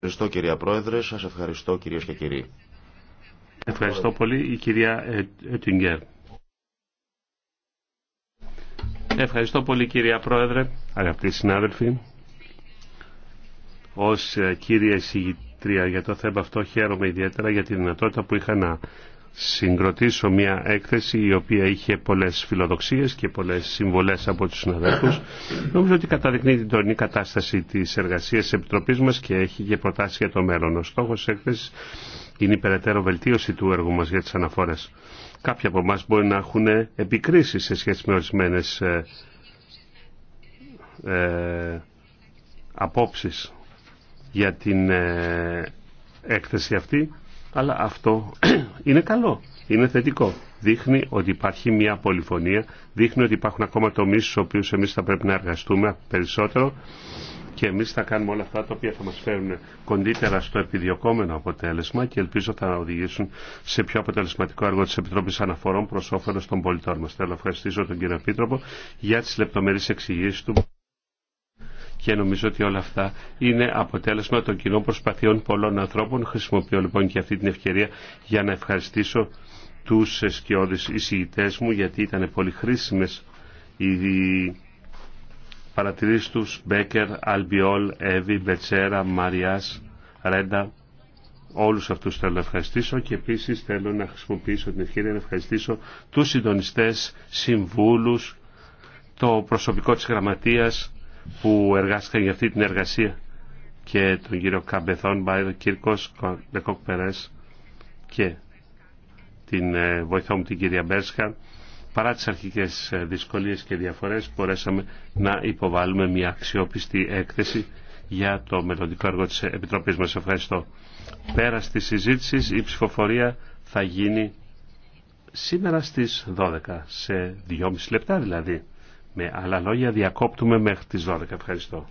Ευχαριστώ κυρία Πρόεδρε, σας ευχαριστώ κυρίες και κύριοι. Ευχαριστώ πολύ η κυρία Ετιγκέρ. Ευχαριστώ πολύ κυρία Πρόεδρε, αγαπητοί συνάδελφοι. Ως κύριε εισηγητρία για το θέμα αυτό χαίρομαι ιδιαίτερα για τη δυνατότητα που είχα να συγκροτήσω μια έκθεση η οποία είχε πολλές φιλοδοξίες και πολλές συμβολές από τους συναδέλφους. Νομίζω ότι καταδεικνύει την τωρινή κατάσταση της εργασίας της Επιτροπής μας και έχει και προτάσει για το μέλλον. Ο στόχος της έκθεσης είναι η περαιτέρω βελτίωση του έργου μας για τις αναφορές. Κάποιοι από εμά μπορεί να έχουν επικρίσεις σε σχέση με ορισμένε ε, ε, απόψεις για την ε, έκθεση αυτή αλλά αυτό είναι καλό, είναι θετικό. Δείχνει ότι υπάρχει μια πολυφωνία, δείχνει ότι υπάρχουν ακόμα τομείς στους οποίους εμείς θα πρέπει να εργαστούμε περισσότερο και εμείς θα κάνουμε όλα αυτά τα οποία θα μας φέρουν κοντύτερα στο επιδιωκόμενο αποτέλεσμα και ελπίζω θα οδηγήσουν σε πιο αποτελεσματικό έργο της Επιτροπής Αναφορών προς όφελος των πολιτών μας. Θέλω να ευχαριστήσω τον κύριο Επίτροπο για τις λεπτομερείς εξηγήσεις του και νομίζω ότι όλα αυτά είναι αποτέλεσμα των κοινών προσπαθειών πολλών ανθρώπων. Χρησιμοποιώ λοιπόν και αυτή την ευκαιρία για να ευχαριστήσω τους σκιώδεις εισηγητές μου γιατί ήταν πολύ χρήσιμες οι παρατηρήσεις τους Μπέκερ, Αλμπιόλ, Εύη, Μπετσέρα, Μαριάς, Ρέντα. Όλους αυτούς θέλω να ευχαριστήσω και επίσης θέλω να χρησιμοποιήσω την ευκαιρία να ευχαριστήσω τους συντονιστές, συμβούλους, το προσωπικό της γραμματείας, που εργάστηκαν για αυτή την εργασία και τον κύριο Καμπεθόν Μπάιδο, Κύρκος Περές και την ε, βοηθό μου την κυρία Μπέρσκα. Παρά τις αρχικές ε, δυσκολίες και διαφορές μπορέσαμε να υποβάλουμε μια αξιόπιστη έκθεση για το μελλοντικό έργο της Επιτροπής μας. Ευχαριστώ. Πέρα της συζήτηση η ψηφοφορία θα γίνει σήμερα στις 12, σε 2,5 λεπτά δηλαδή. Με άλλα λόγια διακόπτουμε μέχρι τις 12. Ευχαριστώ.